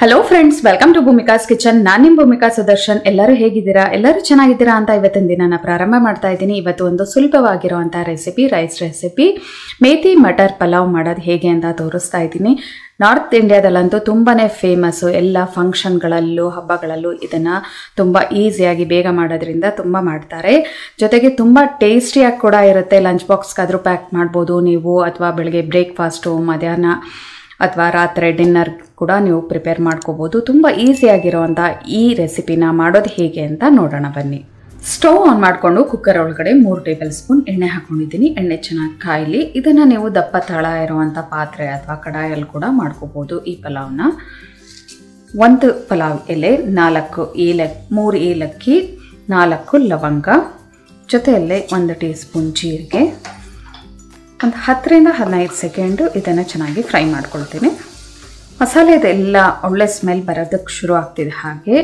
hello friends welcome to Bhumika's kitchen ನಾನು ನಿಮ್ಮ ಭೂಮಿಕಾ ಸುದರ್ಶನ್ ಎಲ್ಲರೂ ಹೇಗಿದ್ದೀರಾ ಎಲ್ಲರೂ ಚೆನ್ನಾಗಿದ್ದೀರಾ ಅಂತ ಇವತ್ತಿನ ದಿನ ನಾನು ಪ್ರಾರಂಭ ಮಾಡ್ತಾ ಇದ್ದೀನಿ ಇವತ್ತು ಒಂದು ಸುಲಭವಾಗಿರುವಂಥ recipe rice recipe methi matar pulao ಮಾಡೋದು ಹೇಗೆ ಅಂತ ತೋರಿಸ್ತಾ ಇದ್ದೀನಿ ನಾರ್ತ್ ಇಂಡಿಯಾದಲ್ಲಂತೂ ತುಂಬಾ ಫೇಮಸ್ಸು ಎಲ್ಲ ಫಂಕ್ಷನ್ಗಳಲ್ಲೂ ಹಬ್ಬಗಳಲ್ಲೂ ಇದನ್ನು ತುಂಬ ಈಸಿಯಾಗಿ ಬೇಗ ಮಾಡೋದ್ರಿಂದ ತುಂಬ ಮಾಡ್ತಾರೆ ಜೊತೆಗೆ ತುಂಬ ಟೇಸ್ಟಿಯಾಗಿ ಕೂಡ ಇರುತ್ತೆ ಲಂಚ್ ಬಾಕ್ಸ್ಗಾದರೂ ಪ್ಯಾಕ್ ಮಾಡ್ಬೋದು ನೀವು ಅಥವಾ ಬೆಳಗ್ಗೆ ಬ್ರೇಕ್ಫಾಸ್ಟು ಮಧ್ಯಾಹ್ನ ಅಥವಾ ರಾತ್ರಿ ಡಿನ್ನರ್ ಕೂಡ ನೀವು ಪ್ರಿಪೇರ್ ಮಾಡ್ಕೋಬೋದು ತುಂಬ ಈಸಿಯಾಗಿರುವಂಥ ಈ ರೆಸಿಪಿನ ಮಾಡೋದು ಹೇಗೆ ಅಂತ ನೋಡೋಣ ಬನ್ನಿ ಸ್ಟವ್ ಆನ್ ಮಾಡಿಕೊಂಡು ಕುಕ್ಕರ್ ಒಳಗಡೆ ಮೂರು ಟೇಬಲ್ ಸ್ಪೂನ್ ಎಣ್ಣೆ ಹಾಕೊಂಡಿದ್ದೀನಿ ಎಣ್ಣೆ ಚೆನ್ನಾಗಿ ಕಾಯಲಿ ಇದನ್ನು ನೀವು ದಪ್ಪ ತಳ ಇರುವಂಥ ಪಾತ್ರೆ ಅಥವಾ ಕಡಾಯಲ್ಲಿ ಕೂಡ ಮಾಡ್ಕೋಬೋದು ಈ ಪಲಾವ್ನ ಒಂದು ಪಲಾವ್ ಎಲೆ ನಾಲ್ಕು ಏಲಕ್ಕಿ ಮೂರು ಏಲಕ್ಕಿ ನಾಲ್ಕು ಲವಂಗ ಜೊತೆಯಲ್ಲೇ ಒಂದು ಟೀ ಸ್ಪೂನ್ ಜೀರಿಗೆ ಒಂದು ಹತ್ತರಿಂದ ಹದಿನೈದು ಸೆಕೆಂಡು ಇದನ್ನು ಚೆನ್ನಾಗಿ ಫ್ರೈ ಮಾಡ್ಕೊಳ್ತೀನಿ ಇದೆಲ್ಲ ಒಳ್ಳೆ ಸ್ಮೆಲ್ ಬರೋದಕ್ಕೆ ಶುರು ಆಗ್ತಿದೆ ಹಾಗೆ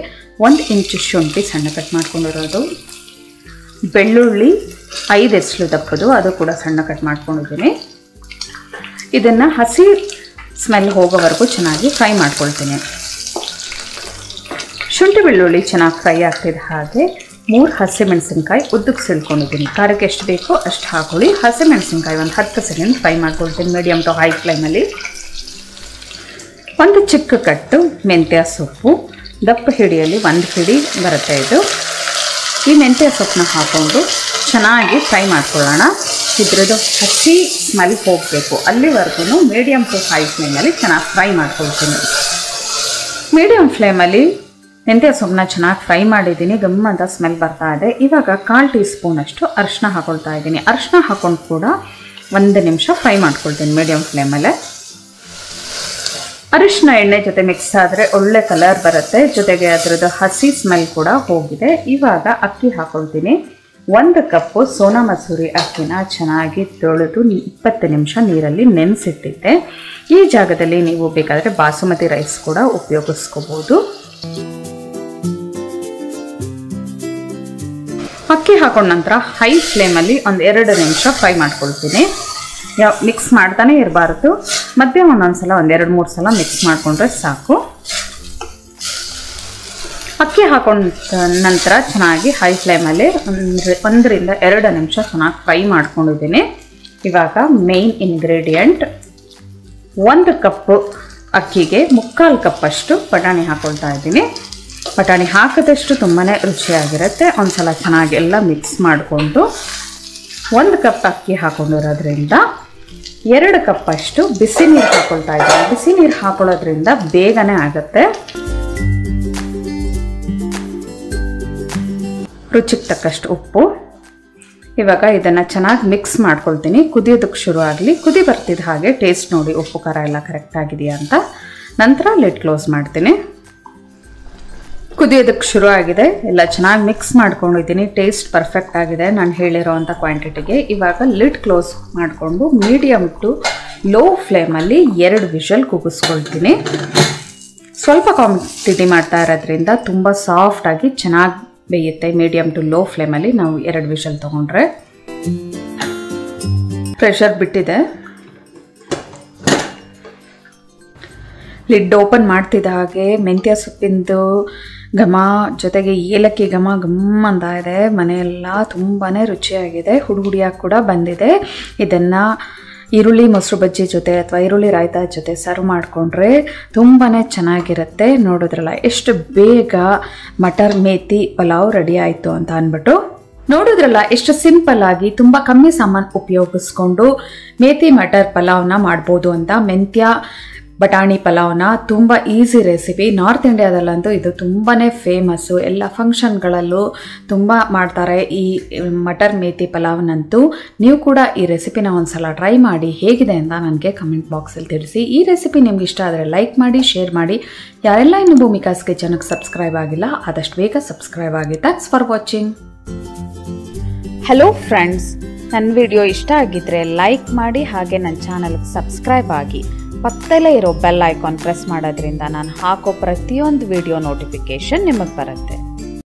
ಒಂದು ಇಂಚು ಶುಂಠಿ ಸಣ್ಣ ಕಟ್ ಮಾಡ್ಕೊಂಡಿರೋದು ಬೆಳ್ಳುಳ್ಳಿ ಐದು ಎಸ್ಲು ದಪ್ಪದು ಅದು ಕೂಡ ಸಣ್ಣ ಕಟ್ ಮಾಡ್ಕೊಂಡಿದ್ದೀನಿ ಇದನ್ನು ಹಸಿ ಸ್ಮೆಲ್ ಹೋಗೋವರೆಗೂ ಚೆನ್ನಾಗಿ ಫ್ರೈ ಮಾಡ್ಕೊಳ್ತೀನಿ ಶುಂಠಿ ಬೆಳ್ಳುಳ್ಳಿ ಚೆನ್ನಾಗಿ ಫ್ರೈ ಆಗ್ತಿದೆ ಹಾಗೆ ಮೂರು ಹಸಿಮೆಣಸಿನ್ಕಾಯಿ ಉದ್ದಕ್ಕೆ ಸಿಳ್ಕೊಂಡಿದ್ದೀನಿ ಖಾರಕ್ಕೆ ಎಷ್ಟು ಬೇಕೋ ಅಷ್ಟು ಹಾಕೊಳ್ಳಿ ಹಸಿಮೆಣಸಿನ್ಕಾಯಿ ಒಂದು ಹತ್ತು ಸೆಕೆಂಡ್ ಫ್ರೈ ಮಾಡ್ಕೊಳ್ತೀನಿ ಮೀಡಿಯಮ್ ಟು ಹೈ ಫ್ಲೇಮಲ್ಲಿ ಒಂದು ಚಿಕ್ಕ ಕಟ್ಟು ಮೆಂತ್ಯ ಸೊಪ್ಪು ದಪ್ಪ ಹಿಡಿಯಲ್ಲಿ ಒಂದು ಹಿಡಿ ಬರುತ್ತೆ ಇದು ಈ ಮೆಂತ್ಯ ಸೊಪ್ಪನ್ನ ಹಾಕ್ಕೊಂಡು ಚೆನ್ನಾಗಿ ಫ್ರೈ ಮಾಡ್ಕೊಳ್ಳೋಣ ಇದ್ರದ್ದು ಹಸಿ ಸ್ಮೆಲ್ ಹೋಗಬೇಕು ಅಲ್ಲಿವರೆಗೂ ಮೀಡಿಯಮ್ ಟು ಹೈ ಫ್ಲೇಮಲ್ಲಿ ಚೆನ್ನಾಗಿ ಫ್ರೈ ಮಾಡ್ಕೊಳ್ತೀನಿ ಮೀಡಿಯಮ್ ಫ್ಲೇಮಲ್ಲಿ ಮೆಂತ್ಯ ಸೊಪ್ಪನ್ನ ಚೆನ್ನಾಗಿ ಫ್ರೈ ಮಾಡಿದ್ದೀನಿ ಗಮ್ಮಂತ ಸ್ಮೆಲ್ ಬರ್ತಾ ಇದೆ ಇವಾಗ ಕಾಲು ಟೀ ಸ್ಪೂನಷ್ಟು ಅರಿಶಿನ ಹಾಕೊಳ್ತಾ ಇದ್ದೀನಿ ಅರ್ಶಿನ ಹಾಕೊಂಡು ಕೂಡ ಒಂದು ನಿಮಿಷ ಫ್ರೈ ಮಾಡ್ಕೊಳ್ತೀನಿ ಮೀಡಿಯಮ್ ಫ್ಲೇಮಲ್ಲೇ ಅರಿಶಿನ ಎಣ್ಣೆ ಜೊತೆ ಮಿಕ್ಸ್ ಆದರೆ ಒಳ್ಳೆ ಕಲರ್ ಬರುತ್ತೆ ಜೊತೆಗೆ ಅದರದ್ದು ಹಸಿ ಸ್ಮೆಲ್ ಕೂಡ ಹೋಗಿದೆ ಇವಾಗ ಅಕ್ಕಿ ಹಾಕೊಳ್ತೀನಿ ಒಂದು ಕಪ್ಪು ಸೋನಾ ಮಸೂರಿ ಅಕ್ಕಿನ ಚೆನ್ನಾಗಿ ತೊಳೆದು ಇಪ್ಪತ್ತು ನಿಮಿಷ ನೀರಲ್ಲಿ ನೆನೆಸಿಟ್ಟಿದ್ದೆ ಈ ಜಾಗದಲ್ಲಿ ನೀವು ಬೇಕಾದರೆ ಬಾಸುಮತಿ ರೈಸ್ ಕೂಡ ಉಪಯೋಗಿಸ್ಕೋಬೋದು ಅಕ್ಕಿ ಹಾಕೊಂಡ ನಂತರ ಹೈ ಫ್ಲೇಮಲ್ಲಿ ಒಂದು ಎರಡು ನಿಮಿಷ ಫ್ರೈ ಮಾಡ್ಕೊಳ್ತೀನಿ ಯಾವ ಮಿಕ್ಸ್ ಮಾಡ್ತಾನೆ ಇರಬಾರ್ದು ಮಧ್ಯೆ ಒಂದೊಂದು ಸಲ ಒಂದೆರಡು ಮೂರು ಸಲ ಮಿಕ್ಸ್ ಮಾಡಿಕೊಂಡ್ರೆ ಸಾಕು ಅಕ್ಕಿ ಹಾಕೊಂಡ ನಂತರ ಚೆನ್ನಾಗಿ ಹೈ ಫ್ಲೇಮಲ್ಲಿ ಒಂದರಿಂದ ಎರಡು ನಿಮಿಷ ಚೆನ್ನಾಗಿ ಫ್ರೈ ಮಾಡ್ಕೊಂಡಿದ್ದೀನಿ ಇವಾಗ ಮೇಯ್ನ್ ಇಂಗ್ರೀಡಿಯೆಂಟ್ ಒಂದು ಕಪ್ಪು ಅಕ್ಕಿಗೆ ಮುಕ್ಕಾಲು ಕಪ್ಪಷ್ಟು ಬಟಾಣಿ ಹಾಕೊಳ್ತಾ ಇದ್ದೀನಿ ಬಟಾಣಿ ಹಾಕಿದಷ್ಟು ತುಂಬಾ ರುಚಿಯಾಗಿರುತ್ತೆ ಒಂದು ಸಲ ಚೆನ್ನಾಗಿ ಎಲ್ಲ ಮಿಕ್ಸ್ ಮಾಡಿಕೊಂಡು ಒಂದು ಕಪ್ ಅಕ್ಕಿ ಹಾಕೊಂಡಿರೋದ್ರಿಂದ ಎರಡು ಕಪ್ಪಷ್ಟು ಬಿಸಿ ನೀರು ಹಾಕೊಳ್ತಾ ಇದ್ದೀನಿ ಬಿಸಿ ನೀರು ಹಾಕೊಳ್ಳೋದ್ರಿಂದ ಬೇಗನೆ ಆಗುತ್ತೆ ರುಚಿಗೆ ತಕ್ಕಷ್ಟು ಉಪ್ಪು ಇವಾಗ ಇದನ್ನು ಚೆನ್ನಾಗಿ ಮಿಕ್ಸ್ ಮಾಡ್ಕೊಳ್ತೀನಿ ಕುದಿಯೋದಕ್ಕೆ ಶುರು ಆಗಲಿ ಕುದಿ ಬರ್ತಿದ್ದ ಹಾಗೆ ಟೇಸ್ಟ್ ನೋಡಿ ಉಪ್ಪು ಖಾರ ಎಲ್ಲ ಕರೆಕ್ಟ್ ಆಗಿದೆಯಾ ಅಂತ ನಂತರ ಲೆಟ್ ಕ್ಲೋಸ್ ಮಾಡ್ತೀನಿ ಕುದಿಯೋದಕ್ಕೆ ಶುರು ಆಗಿದೆ ಎಲ್ಲ ಚೆನ್ನಾಗಿ ಮಿಕ್ಸ್ ಮಾಡ್ಕೊಂಡಿದ್ದೀನಿ ಟೇಸ್ಟ್ ಪರ್ಫೆಕ್ಟ್ ಆಗಿದೆ ನಾನು ಅಂಥ ಕ್ವಾಂಟಿಟಿಗೆ ಇವಾಗ ಲಿಡ್ ಕ್ಲೋಸ್ ಮಾಡಿಕೊಂಡು ಮೀಡಿಯಮ್ ಟು ಲೋ ಫ್ಲೇಮಲ್ಲಿ ಎರಡು ವಿಷಲ್ ಕೂಗಿಸ್ಕೊಳ್ತೀನಿ ಸ್ವಲ್ಪ ಕ್ವಾಂಟಿಟಿ ಮಾಡ್ತಾ ಇರೋದ್ರಿಂದ ತುಂಬ ಸಾಫ್ಟಾಗಿ ಚೆನ್ನಾಗಿ ಬೇಯುತ್ತೆ ಮೀಡಿಯಮ್ ಟು ಲೋ ಫ್ಲೇಮಲ್ಲಿ ನಾವು ಎರಡು ವಿಷಲ್ ತೊಗೊಂಡ್ರೆ ಪ್ರೆಷರ್ ಬಿಟ್ಟಿದೆ ಲಿಡ್ ಓಪನ್ ಮಾಡ್ತಿದ್ದ ಹಾಗೆ ಮೆಂತ್ಯ ಸೊಪ್ಪಿಂದು ಘಮ ಜೊತೆಗೆ ಏಲಕ್ಕಿ ಘಮ ಘಮ್ ಅಂತ ಇದೆ ಮನೆಯೆಲ್ಲ ತುಂಬಾ ರುಚಿಯಾಗಿದೆ ಹುಡುಗುಡಿಯಾಗಿ ಕೂಡ ಬಂದಿದೆ ಇದನ್ನು ಈರುಳ್ಳಿ ಮೊಸರು ಬಜ್ಜಿ ಜೊತೆ ಅಥವಾ ಈರುಳ್ಳಿ ರಾಯ್ತಾ ಜೊತೆ ಸರ್ವ್ ಮಾಡಿಕೊಂಡ್ರೆ ತುಂಬಾ ಚೆನ್ನಾಗಿರುತ್ತೆ ನೋಡಿದ್ರಲ್ಲ ಎಷ್ಟು ಬೇಗ ಮಟರ್ ಮೇತಿ ಪಲಾವ್ ರೆಡಿ ಆಯಿತು ಅಂತ ಅಂದ್ಬಿಟ್ಟು ನೋಡಿದ್ರಲ್ಲ ಎಷ್ಟು ಸಿಂಪಲ್ ಆಗಿ ತುಂಬ ಕಮ್ಮಿ ಸಾಮಾನು ಉಪಯೋಗಿಸ್ಕೊಂಡು ಮೇತಿ ಮಟರ್ ಪಲಾವ್ನ ಮಾಡ್ಬೋದು ಅಂತ ಮೆಂತ್ಯ ಬಟಾಣಿ ಪಲಾವ್ನ ತುಂಬ ಈಸಿ ರೆಸಿಪಿ ನಾರ್ತ್ ಇಂಡಿಯಾದಲ್ಲಂತೂ ಇದು ತುಂಬಾ ಫೇಮಸ್ಸು ಎಲ್ಲ ಫಂಕ್ಷನ್ಗಳಲ್ಲೂ ತುಂಬ ಮಾಡ್ತಾರೆ ಈ ಮಟರ್ ಮೇತಿ ಪಲಾವ್ನಂತೂ ನೀವು ಕೂಡ ಈ ರೆಸಿಪಿನ ಒಂದ್ಸಲ ಟ್ರೈ ಮಾಡಿ ಹೇಗಿದೆ ಅಂತ ನನಗೆ ಕಮೆಂಟ್ ಬಾಕ್ಸಲ್ಲಿ ತಿಳಿಸಿ ಈ ರೆಸಿಪಿ ನಿಮ್ಗೆ ಇಷ್ಟ ಆದರೆ ಲೈಕ್ ಮಾಡಿ ಶೇರ್ ಮಾಡಿ ಯಾರೆಲ್ಲ ಇನ್ನು ಭೂಮಿಕಾಸ್ ಕಿಚನ್ಗೆ ಸಬ್ಸ್ಕ್ರೈಬ್ ಆಗಿಲ್ಲ ಆದಷ್ಟು ಬೇಗ ಸಬ್ಸ್ಕ್ರೈಬ್ ಆಗಿ thanks for watching hello friends ನನ್ನ ವಿಡಿಯೋ ಇಷ್ಟ ಆಗಿದ್ದರೆ ಲೈಕ್ ಮಾಡಿ ಹಾಗೆ ನನ್ನ ಚಾನಲ್ಗೆ ಸಬ್ಸ್ಕ್ರೈಬ್ ಆಗಿ ಪಕ್ಕದಲ್ಲೇ ಇರೋ ಬೆಲ್ ಐಕಾನ್ ಪ್ರೆಸ್ ಮಾಡೋದ್ರಿಂದ ನಾನು ಹಾಕೋ ಪ್ರತಿಯೊಂದು ವಿಡಿಯೋ ನೋಟಿಫಿಕೇಷನ್ ನಿಮಗೆ ಬರುತ್ತೆ